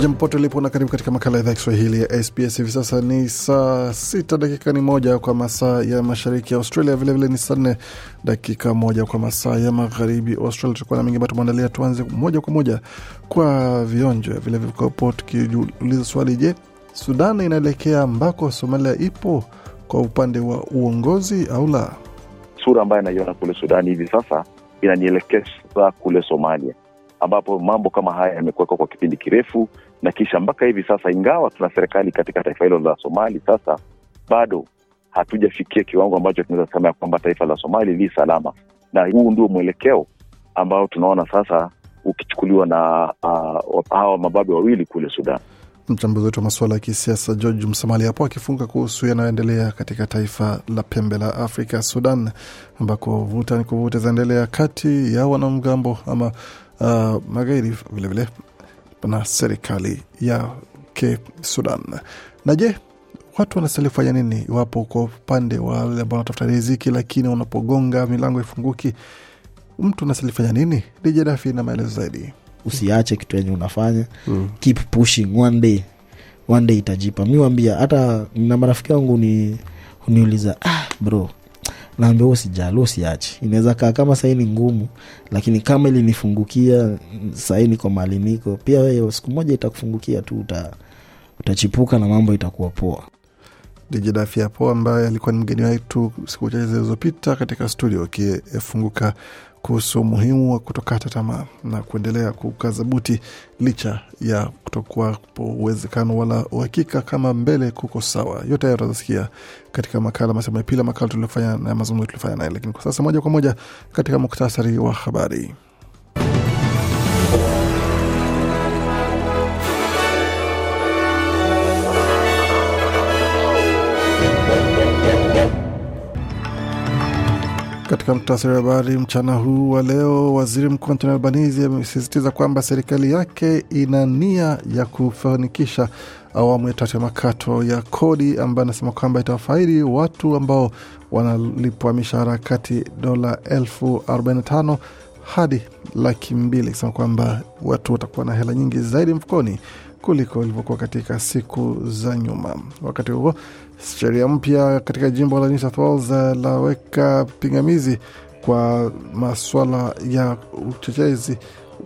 Jambo pote ulipo na karibu katika makala ya idhaa Kiswahili ya SBS. Hivi sasa ni saa sita dakika ni moja kwa masaa ya mashariki ya Australia, vilevile vile ni saa nne dakika moja kwa masaa ya magharibi Australia. Tutakuwa na mengi ambayo tumeandalia. Tuanze moja kwa moja kwa vionjwa vilevile, tukapo tukiuliza swali, je, Sudan inaelekea ambako Somalia ipo kwa upande wa uongozi au la? Sura ambayo inaiona kule Sudani hivi sasa inanielekeza kule Somalia ambapo mambo kama haya yamekuwekwa kwa kipindi kirefu na kisha mpaka hivi sasa, ingawa tuna serikali katika taifa hilo la Somali, sasa bado hatujafikia kiwango ambacho tunaweza sema ya kwamba taifa la Somali li salama, na huu ndio mwelekeo ambao tunaona sasa ukichukuliwa na uh, hawa mababe wawili kule Sudan. Mchambuzi wetu wa masuala ya kisiasa George Msamali hapo akifunga kuhusu yanayoendelea katika taifa la pembe la Afrika, Sudan, ambako vuta ni kuvuta zaendelea kati ya wanamgambo ama uh, magaidi vilevile na serikali yake Sudan. Na je, watu wanastahili kufanya nini iwapo kwa upande wa wale ambao wanatafuta riziki, lakini unapogonga milango ifunguki, mtu anastahili fanya nini? Dj Dafi na maelezo zaidi. Usiache kitu yenye unafanya mm. Keep pushing one day, one day itajipa. Mi wambia hata na marafiki wangu ni uniuliza, ah, bro naambia huo sijali huo inaweza kaa kama sahii ni ngumu lakini kama ilinifungukia sahii niko mali niko pia wewe siku moja itakufungukia tu uta, utachipuka na mambo itakuwa poa dijidafia poa ambaye alikuwa ni mgeni wetu siku chache zilizopita katika studio akifunguka kuhusu umuhimu wa kutokata tamaa na kuendelea kukaza buti licha ya kutokuwapo uwezekano wala uhakika kama mbele kuko sawa. Yote hayo utazasikia katika makala Masemo ya Pili, makala tuliofanya na mazungumzo tuliofanya naye, lakini kwa sasa moja kwa moja katika muktasari wa habari. Katika mtasari wa habari mchana huu wa leo, waziri mkuu Antoni Albanizi amesisitiza kwamba serikali yake ina nia ya kufanikisha awamu ya tatu ya makato ya kodi, ambayo anasema kwamba itawafaidi watu ambao wanalipwa mishahara kati dola elfu hadi laki mbili, akisema kwamba watu watakuwa na hela nyingi zaidi mfukoni kuliko ilivyokuwa katika siku za nyuma. Wakati huo Sheria mpya katika jimbo la New South Wales eh, laweka pingamizi kwa maswala ya uchochezi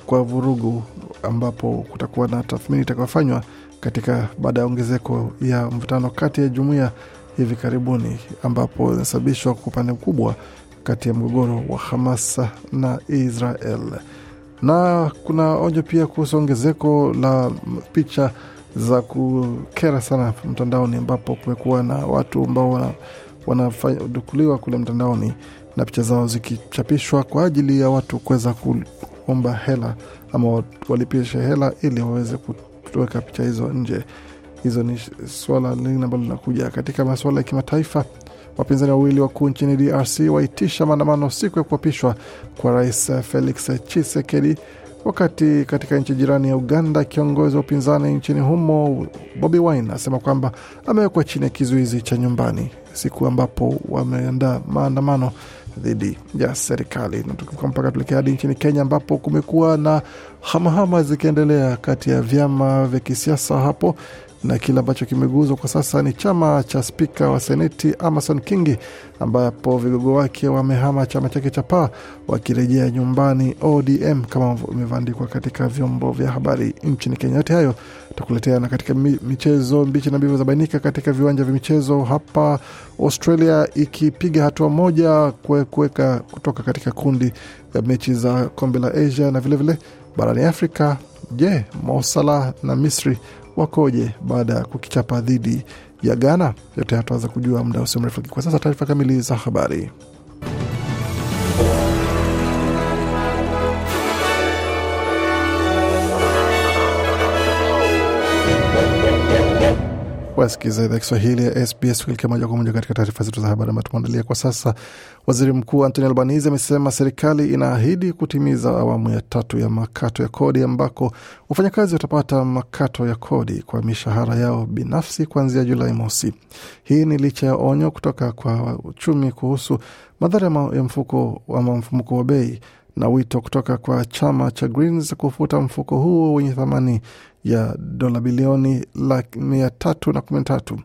kwa vurugu, ambapo kutakuwa na tathmini itakayofanywa katika baada ya ongezeko ya mvutano kati ya jumuiya hivi karibuni, ambapo inasababishwa kwa upande mkubwa kati ya mgogoro wa Hamas na Israel. Na kuna onjo pia kuhusu ongezeko la picha za kukera sana mtandaoni, ambapo kumekuwa na watu ambao wanadukuliwa wana kule mtandaoni na picha zao zikichapishwa kwa ajili ya watu kuweza kuomba hela ama walipishe hela ili waweze kuweka picha hizo nje. Hizo ni swala lingine ambalo linakuja katika masuala ya kimataifa. Wapinzani wawili wakuu nchini DRC waitisha maandamano siku ya kuapishwa kwa rais Felix Tshisekedi Wakati katika nchi jirani ya Uganda, kiongozi wa upinzani nchini humo Bobi Wine asema kwamba amewekwa chini ya kizuizi cha nyumbani siku ambapo wameandaa maandamano dhidi ya serikali. Natuka mpaka tuelekea hadi nchini Kenya ambapo kumekuwa na hamahama zikiendelea kati ya vyama vya kisiasa hapo na kile ambacho kimeguzwa kwa sasa ni chama cha spika wa seneti Amason Kingi, ambapo vigogo wake wamehama chama chake cha Paa wakirejea nyumbani ODM, kama imevyoandikwa katika vyombo vya habari nchini Kenya. Yote hayo takuletea na katika michezo, mbichi na mbivu zabainika katika viwanja vya michezo hapa Australia, ikipiga hatua moja kuweka kutoka katika kundi ya mechi za kombe la Asia na vilevile vile, barani Afrika. Je, Mo Salah na Misri wakoje baada ya kukichapa dhidi ya Ghana? Yote hatuweza kujua muda usio mrefu. Kwa sasa, taarifa kamili za habari. Wasikiza idhaa Kiswahili ya SBS tukilekea moja kwa moja katika taarifa zetu za habari ambayo tumeandalia kwa sasa. Waziri Mkuu Anthony Albanese amesema serikali inaahidi kutimiza awamu ya tatu ya makato ya kodi, ambako wafanyakazi watapata makato ya kodi kwa mishahara yao binafsi kuanzia Julai mosi. Hii ni licha ya onyo kutoka kwa uchumi kuhusu madhara ya mfuko ama mfumuko wa bei na wito kutoka kwa chama cha Greens kufuta mfuko huo wenye thamani ya dola bilioni mia tatu na kumi na tatu.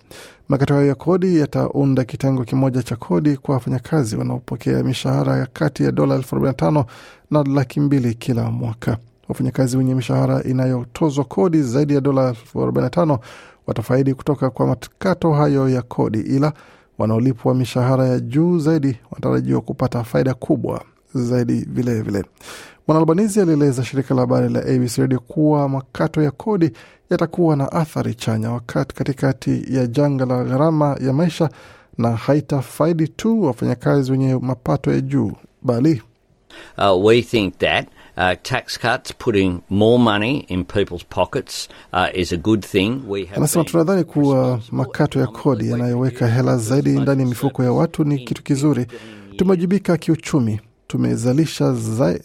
Makato hayo ya kodi yataunda kitengo kimoja cha kodi kwa wafanyakazi wanaopokea mishahara ya kati ya dola elfu arobaini na tano na laki mbili kila mwaka. Wafanyakazi wenye mishahara inayotozwa kodi zaidi ya dola elfu arobaini na tano watafaidi kutoka kwa makato hayo ya kodi, ila wanaolipwa mishahara ya juu zaidi wanatarajiwa kupata faida kubwa zaidi vilevile. mwanaalbanizi alieleza shirika la habari la ABC Radio kuwa makato ya kodi yatakuwa na athari chanya wakati katikati ya janga la gharama ya maisha na haitafaidi tu wafanyakazi wenye mapato ya juu bali uh, we think that Uh, tax cuts putting more money in people's pockets uh, is a good thing. We have anasema tunadhani kuwa makato ya kodi yanayoweka hela zaidi ndani ya mifuko ya watu ni kitu kizuri. Tumewajibika kiuchumi tumezalisha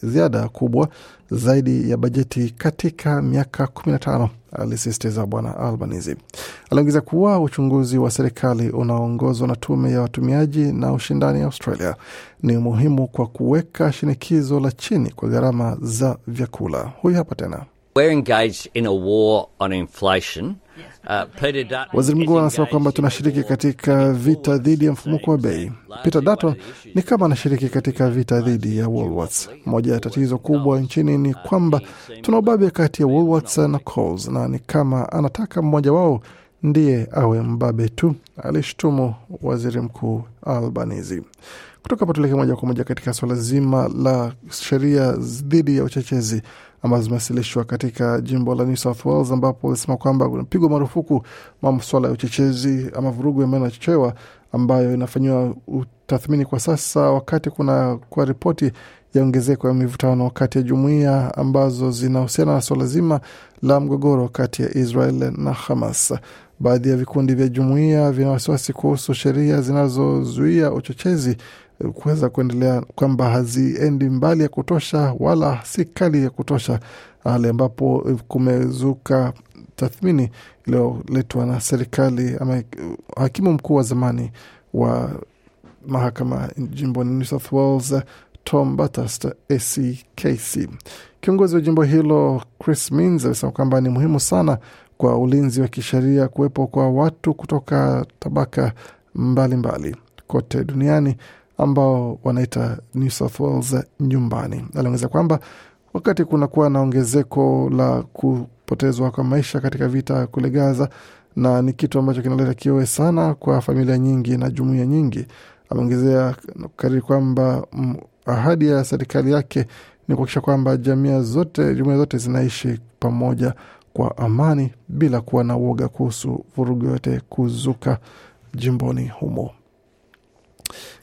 ziada kubwa zaidi ya bajeti katika miaka 15, alisisitiza Bwana Albanese. Aliongeza kuwa uchunguzi wa serikali unaoongozwa na tume ya watumiaji na ushindani Australia ni muhimu kwa kuweka shinikizo la chini kwa gharama za vyakula. Huyu hapa tena. We're engaged in a war on inflation. Uh, waziri mkuu anasema kwamba tunashiriki katika vita dhidi ya mfumuko wa bei. Peter Dato ni kama anashiriki katika vita dhidi ya Woolworths. Moja ya tatizo kubwa nchini ni kwamba tuna ubabe kati ya Woolworths na Coles, na ni kama anataka mmoja wao ndiye awe mbabe tu, alishtumu waziri mkuu Albanese. Kutoka hapo tuleke moja kwa moja katika suala zima la sheria dhidi ya uchechezi ambazo zimewasilishwa katika jimbo la New South Wales, ambapo walisema kwamba kunapigwa marufuku maswala ya uchochezi ama vurugu ambayo inachochewa ambayo inafanyiwa utathmini kwa sasa, wakati kuna kwa ripoti ya ongezeko ya mivutano kati ya jumuiya ambazo zinahusiana na suala zima la mgogoro kati ya Israel na Hamas. Baadhi ya vikundi vya jumuiya vina wasiwasi kuhusu sheria zinazozuia uchochezi eh, kuweza kuendelea, kwamba haziendi mbali ya kutosha wala si kali ya kutosha, hali ambapo eh, kumezuka tathmini iliyoletwa na serikali ama eh, hakimu mkuu wa zamani wa mahakama jimboni New South Wales Tom ACKC. Kiongozi wa jimbo hilo Chris Minns amesema kwamba ni muhimu sana kwa ulinzi wa kisheria, kuwepo kwa watu kutoka tabaka mbalimbali mbali kote duniani ambao wanaita New South Wales nyumbani. Aliongeza kwamba wakati kunakuwa na ongezeko la kupotezwa kwa maisha katika vita kule Gaza, na ni kitu ambacho kinaleta kiowe sana kwa familia nyingi na jumuia nyingi. Ameongezea kariri kwamba ahadi ya serikali yake ni kuhakikisha kwamba jamii zote jumuia zote zinaishi pamoja kwa amani bila kuwa na woga kuhusu vurugu yote kuzuka jimboni humo.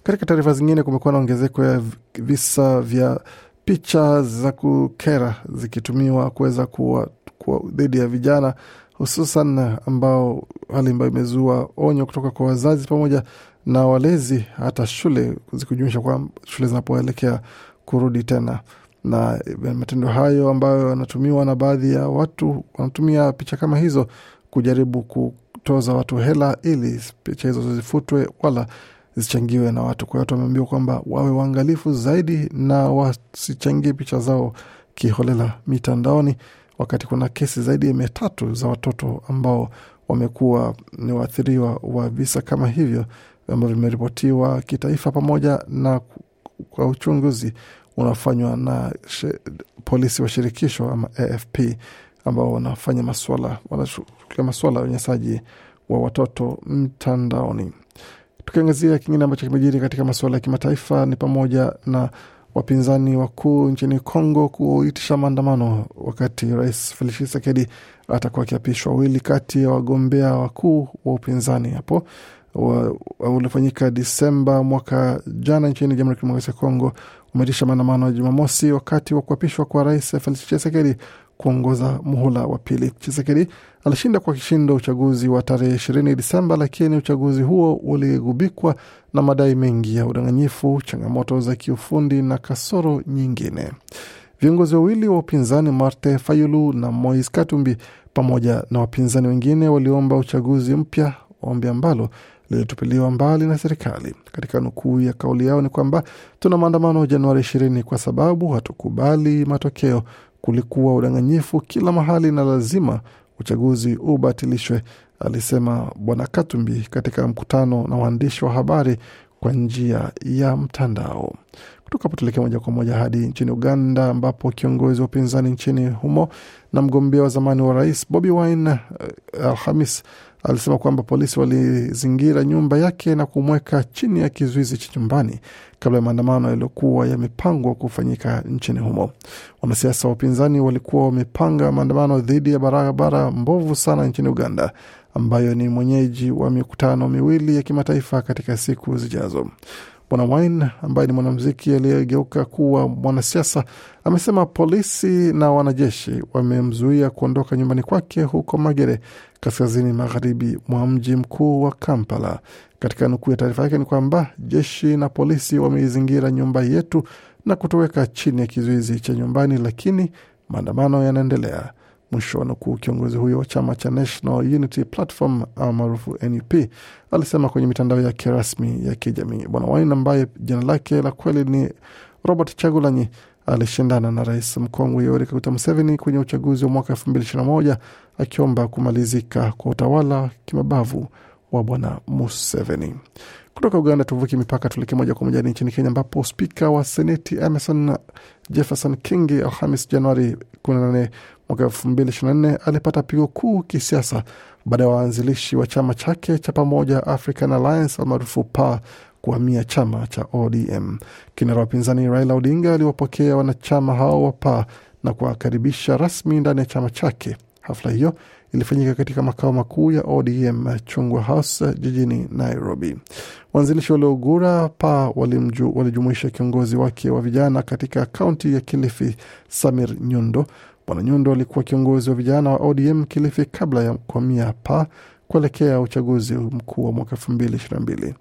Katika taarifa zingine, kumekuwa na ongezeko ya visa vya picha za kukera zikitumiwa kuweza kuwa, kuwa dhidi ya vijana hususan ambao hali ambayo imezua onyo kutoka kwa wazazi pamoja na walezi, hata shule zikijumuisha kwa shule zinapoelekea kurudi tena na matendo hayo ambayo yanatumiwa na baadhi ya watu wanatumia picha kama hizo kujaribu kutoza watu hela ili picha hizo zifutwe wala zichangiwe na watu. Kwa hiyo watu wameambiwa kwamba wawe waangalifu zaidi na wasichangie picha zao kiholela mitandaoni, wakati kuna kesi zaidi ya mia tatu za watoto ambao wamekuwa ni waathiriwa wa visa kama hivyo ambavyo vimeripotiwa kitaifa pamoja na kwa uchunguzi unafanywa na polisi wa shirikisho ama AFP ambao wanafanya maswala wanashughulikia maswala ya unyanyasaji wa watoto mtandaoni. Tukiangazia kingine ambacho kimejiri katika masuala ya kimataifa ni pamoja na wapinzani wakuu nchini Kongo kuitisha maandamano wakati Rais Felix Tshisekedi atakuwa akiapishwa. Wawili kati ya wagombea wakuu wa upinzani hapo uliofanyika Disemba mwaka jana nchini Jamhuri ya Kidemokrasia ya Kongo umeitisha maandamano ya Jumamosi wakati wa kuapishwa kwa rais Felix Chisekedi kuongoza muhula wa pili. Chisekedi alishinda kwa kishindo uchaguzi wa tarehe ishirini Disemba, lakini uchaguzi huo uligubikwa na madai mengi ya udanganyifu, changamoto za kiufundi na kasoro nyingine. Viongozi wawili wa upinzani Marte Fayulu na mois Katumbi pamoja na wapinzani wengine waliomba uchaguzi mpya, ombi ambalo lilitupiliwa mbali na serikali. Katika nukuu ya kauli yao ni kwamba tuna maandamano Januari ishirini kwa sababu hatukubali matokeo. Kulikuwa udanganyifu kila mahali na lazima uchaguzi ubatilishwe, alisema Bwana Katumbi katika mkutano na waandishi wa habari kwa njia ya mtandao. Kutoka hapo tuelekea moja kwa moja hadi nchini Uganda, ambapo kiongozi wa upinzani nchini humo na mgombea wa zamani wa rais Bobi Wine eh, Alhamis alisema kwamba polisi walizingira nyumba yake na kumweka chini ya kizuizi cha nyumbani kabla ya maandamano yaliyokuwa yamepangwa kufanyika nchini humo. Wanasiasa wa upinzani walikuwa wamepanga maandamano dhidi ya barabara mbovu sana nchini Uganda, ambayo ni mwenyeji wa mikutano miwili ya kimataifa katika siku zijazo. Bwana Wine ambaye ni mwanamziki aliyegeuka kuwa mwanasiasa amesema polisi na wanajeshi wamemzuia kuondoka nyumbani kwake huko Magere, kaskazini magharibi mwa mji mkuu wa Kampala. Katika nukuu ya taarifa yake ni kwamba jeshi na polisi wameizingira nyumba yetu na kutoweka chini ya kizuizi cha nyumbani, lakini maandamano yanaendelea. Mwisho wa nukuu. Kiongozi huyo wa chama cha National Unity Platform uh, maarufu NUP alisema kwenye mitandao yake rasmi ya kijamii. Bwana Wine ambaye jina lake la kweli ni Robert Chagulanyi alishindana na rais mkongwe Yoweri Kaguta Museveni kwenye uchaguzi wa mwaka elfu mbili na moja akiomba kumalizika kwa utawala kimabavu wa bwana Museveni. Kutoka Uganda tuvuki mipaka, tuelekee moja kwa moja nchini Kenya, ambapo spika wa seneti Emerson Jefferson Kingi Alhamis Januari 18 mwaka nne alipata pigo kuu kisiasa baada ya waanzilishi wa chama chake cha pamoja African Alliance almaarufu PA kuhamia chama cha ODM. Kinara wapinzani upinzani Raila Odinga aliwapokea wanachama hao wa PA na kuwakaribisha rasmi ndani ya chama chake. Hafla hiyo ilifanyika katika makao makuu ya ODM Chungwa House jijini Nairobi. Waanzilishi waliogura PA walijumuisha kiongozi wake wa vijana katika kaunti ya Kilifi, Samir Nyundo, Bwana Nyundo alikuwa kiongozi wa vijana wa ODM Kilifi kabla ya kuhamia hapa kuelekea uchaguzi mkuu wa mwaka 2022.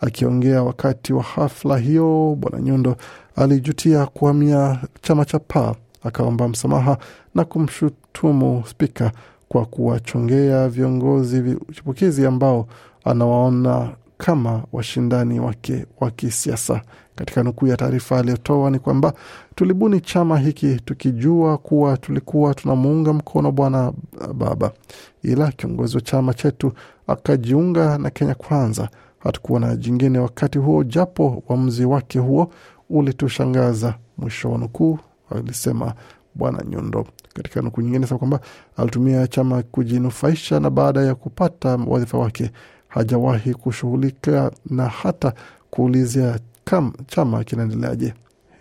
Akiongea wakati wa hafla hiyo, Bwana Nyundo alijutia kuhamia chama cha pa akaomba msamaha na kumshutumu spika kwa kuwachongea viongozi chipukizi ambao anawaona kama washindani wake wa kisiasa. Katika nukuu ya taarifa aliyotoa ni kwamba tulibuni chama hiki tukijua kuwa tulikuwa tunamuunga mkono bwana Baba, ila kiongozi wa chama chetu akajiunga na Kenya Kwanza. Hatukuwa na jingine wakati huo, japo uamuzi wake huo ulitushangaza, mwisho wa nukuu, alisema Bwana Nyundo. Katika nukuu nyingine sema kwamba alitumia chama kujinufaisha, na baada ya kupata wadhifa wake hajawahi kushughulika na hata kuulizia kam chama kinaendeleaje.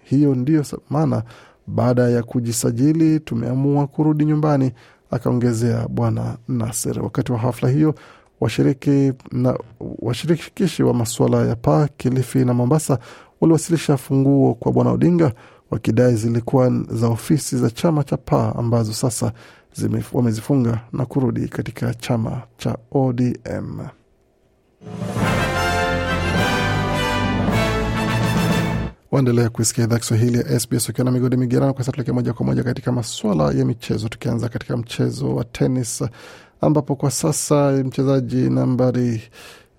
Hiyo ndiyo maana baada ya kujisajili tumeamua kurudi nyumbani, akaongezea Bwana naser Wakati wa hafla hiyo washiriki na washirikishi wa masuala ya Paa, Kilifi na Mombasa waliwasilisha funguo kwa Bwana Odinga wakidai zilikuwa za ofisi za chama cha Paa ambazo sasa wamezifunga na kurudi katika chama cha ODM. Waendelea kuisikia idhaa Kiswahili ya SBS ukiwa na migodi migerano. Kwa sasa moja kwa moja katika maswala ya michezo, tukianza katika mchezo wa tenis ambapo kwa sasa mchezaji nambari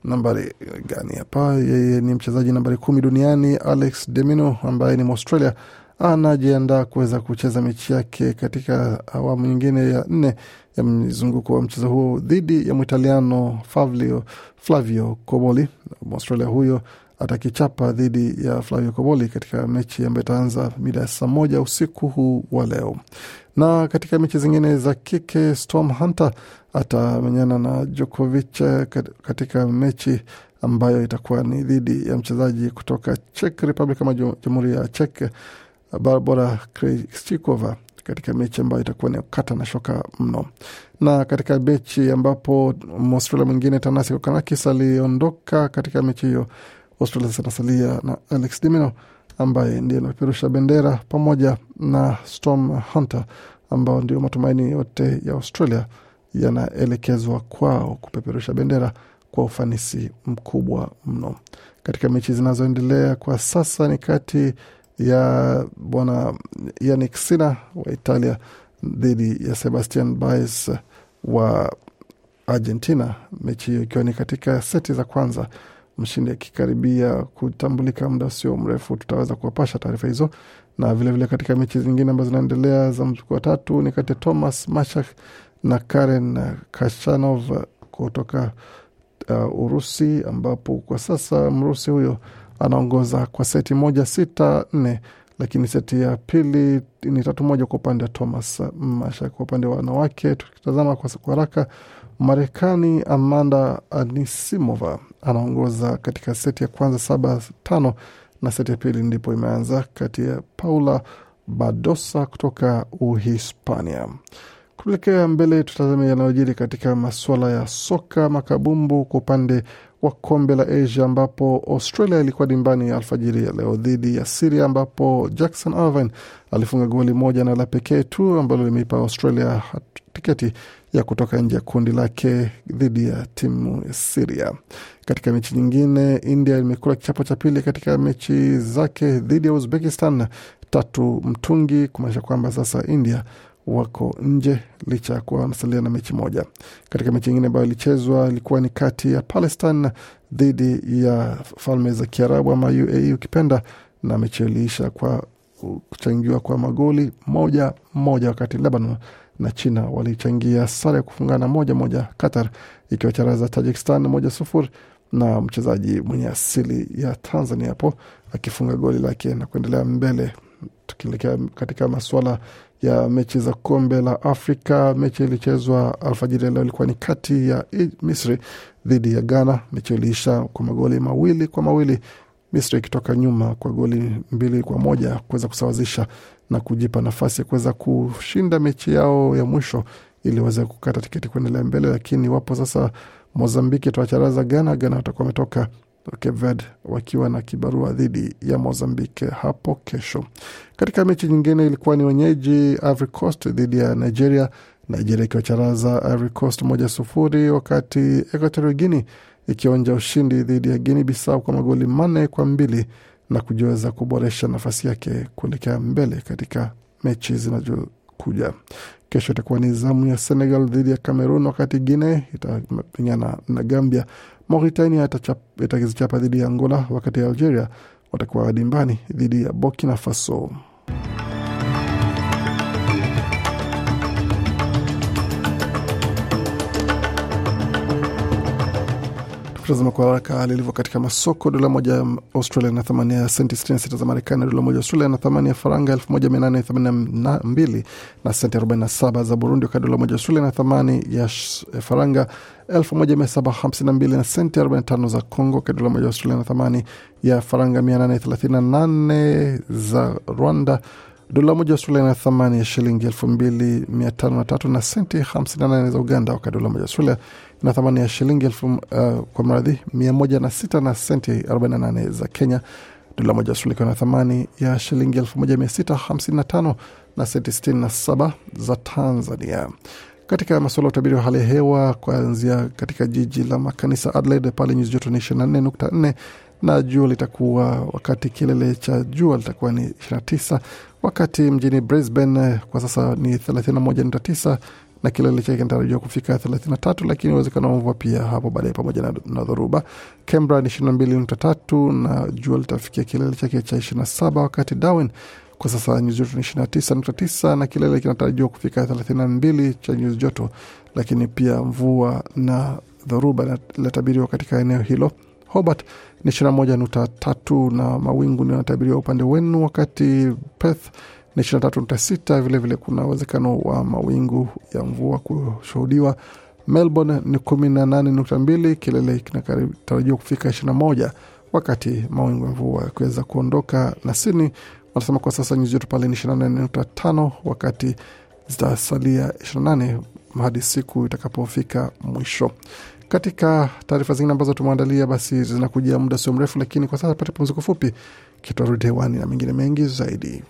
nambari gani hapa? Yeye ni mchezaji nambari kumi duniani Alex de Minaur ambaye ni Mwaustralia anajiandaa kuweza kucheza mechi yake katika awamu nyingine ya nne ya mzunguko wa mchezo huo dhidi ya Mwitaliano Flavio, coboli Comoli. Mwaustralia huyo atakichapa dhidi ya Flavio Koboli katika mechi ambayo itaanza mida ya saa moja usiku huu wa leo. Na katika mechi zingine za kike, Storm Hunter atamenyana na Djokovic katika mechi ambayo itakuwa ni dhidi ya mchezaji kutoka Czech Republic ama jamhuri ya Czech, Barbora Krejcikova katika mechi ambayo itakuwa ni kata na shoka mno. Na katika mechi ambapo Mwaustralia mwingine Tanasi Kokanakis aliondoka katika mechi hiyo Australia zinasalia na Alex Dimino ambaye ndiye anapeperusha bendera pamoja na Storm Hunter ambao ndio matumaini yote ya Australia yanaelekezwa kwao kupeperusha bendera kwa ufanisi mkubwa mno. Katika mechi zinazoendelea kwa sasa ni kati ya bwana Yannick Sinner wa Italia dhidi ya Sebastian Baez wa Argentina, mechi hiyo ikiwa ni katika seti za kwanza mshindi akikaribia kutambulika muda sio mrefu, tutaweza kuwapasha taarifa hizo. Na vilevile vile katika mechi zingine ambazo zinaendelea za mzuku wa tatu ni kati ya Thomas Mashak na Karen kashanov kutoka uh, Urusi, ambapo kwa sasa Mrusi huyo anaongoza kwa seti moja sita nne lakini seti ya pili ni tatu moja kwa upande wa Thomas Mashak. Kwa upande wa wanawake tukitazama kwa haraka, Marekani Amanda Anisimova anaongoza katika seti ya kwanza saba tano na seti ya pili ndipo imeanza kati ya Paula Badosa kutoka Uhispania. Kuelekea mbele, tutazame yanayojiri katika masuala ya soka makabumbu kwa upande wa kombe la Asia ambapo Australia ilikuwa dimbani ya alfajiri ya leo dhidi ya Siria ambapo Jackson Irvine alifunga goli moja na la pekee tu ambalo limeipa Australia tiketi ya kutoka nje ya kundi lake dhidi ya timu ya Siria. Katika mechi nyingine, India imekula kichapo cha pili katika mechi zake dhidi ya Uzbekistan tatu mtungi, kumaanisha kwamba sasa India wako nje licha ya kuwa wanasalia na mechi moja. Katika mechi nyingine ambayo ilichezwa ilikuwa ni kati ya Palestine dhidi ya Falme za Kiarabu ama UAE ukipenda, na mechi iliisha kwa kuchangiwa kwa magoli moja moja, wakati Lebanon na China walichangia sare ya kufungana moja moja, Qatar ikiwacharaza Tajikistan moja sufuri na mchezaji mwenye asili ya Tanzania hapo akifunga goli lake na kuendelea mbele. Tukielekea katika masuala ya mechi za kombe la Afrika, mechi ilichezwa alfajiri ya leo ilikuwa ni kati ya Misri dhidi ya Ghana. Mechi iliisha kwa magoli mawili kwa mawili Misri ikitoka nyuma kwa goli mbili kwa moja kuweza kusawazisha na kujipa nafasi ya kuweza kushinda mechi yao ya mwisho ili waweze kukata tiketi kuendelea mbele, lakini wapo sasa Mozambiki atawacharaza Ghana. Ghana watakuwa wametoka Cape Verde wakiwa na kibarua dhidi ya Mozambiki hapo kesho. Katika mechi nyingine ilikuwa ni wenyeji Ivory Coast dhidi ya Nigeria, Nigeria ikiwacharaza Ivory Coast moja sufuri, wakati Equatorial Guinea ikionja ushindi dhidi ya Guinea Bissau kwa magoli manne kwa mbili na kujiweza kuboresha nafasi yake kuelekea mbele katika mechi zinazokuja. Kesho itakuwa ni zamu ya Senegal dhidi ya Cameroon, wakati Guine itapingana na Gambia. Mauritania itakizichapa dhidi ya Angola, wakati ya Algeria watakuwa dimbani dhidi ya Burkina Faso. Kutazama kwa haraka ilivyo katika masoko, dola moja ya Australia na thamani ya senti 66 za Marekani. Dola moja ya Australia na thamani ya faranga 1882 na senti 47 za Burundi, wakati dola moja ya Australia na thamani ya eh, faranga 1752 na senti 45 za Congo, wakati dola moja ya Australia na thamani ya faranga 838 za Rwanda Dola moja ya Australia ina thamani ya shilingi elfu mbili mia tano na tatu na senti hamsini na nane za Uganda, wakati dola moja ya Australia ina thamani ya shilingi elfu uh, kwa mradhi mia moja na sita na senti arobaini na nane za Kenya. Dola moja ya Australia ikiwa na thamani ya shilingi elfu moja mia sita hamsini na tano na senti sitini na saba za Tanzania. Katika masuala ya utabiri wa hali ya hewa, kuanzia katika jiji la makanisa Adelaide, pale nyuzi joto ni 24.4 na jua litakuwa wakati kilele cha jua litakuwa ni 29, wakati mjini Brisbane eh, kwa sasa ni 31.9 na kilele chake kinatarajiwa kufika 33, lakini uwezekano wa mvua pia hapo baadaye pamoja na, na dhoruba. Canberra ni 22.3 na jua litafikia kilele chake cha 27, wakati Darwin kwa sasa nyuzi joto ni 29.9 na kilele kinatarajiwa kufika 32 cha nyuzi joto, lakini pia mvua na dhoruba linatabiriwa katika eneo hilo. Hobart ni 21.3 na mawingu yanatabiriwa upande wenu, wakati Perth ni 23.6. Vilevile kuna uwezekano wa mawingu ya mvua kushuhudiwa. Melbourne ni 18.2, kilele kinatarajiwa kufika 21, wakati mawingu ya mvua yakiweza kuondoka. Na Sydney wanasema kwa sasa nyuzi joto pale ni 24.5, wakati zitasalia 28 hadi siku itakapofika mwisho. Katika taarifa zingine ambazo tumeandalia, basi zinakujia muda sio mrefu, lakini kwa sasa pate pumziko fupi, kitarudi hewani na mengine mengi zaidi.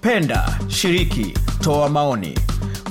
Penda, shiriki, toa maoni